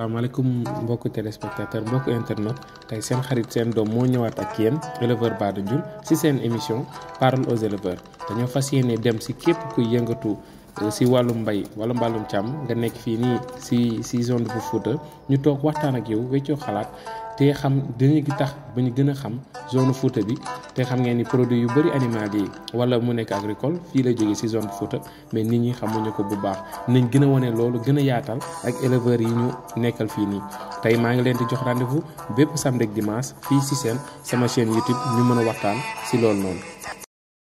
asalaamaaleykum mbokku téléspectateur mbokku internet tey seen xarit seen doom moo ñëwaat ak yéen éleveur Bada Ndioul ci seen émission parole aux éleveurs dañoo fas yéene dem ci képp kuy yëngatu ci euh, wàllum mbay wala mbàllum càmm nga nekk fii nii ci ci zone bu Fouta ñu toog waxtaan ak yow weccoo xalaat te xam dañuy tax ba ñu gën a xam zone Fouta bi te xam ngeen ni produit yu bëri animal yi wala mu nekk agricole fii la jóge si zone Fouta mais nit ñi xamuñu ko bu baax nañ gën a wane loolu gën a yaatal ak éleveurs yi ñu nekkal fii nii. tey maa ngi leen di jox rendez-vous bépp samedi ak dimanche fii si seen sama chaîne YouTube ñu mën a waxtaan si lool noonu.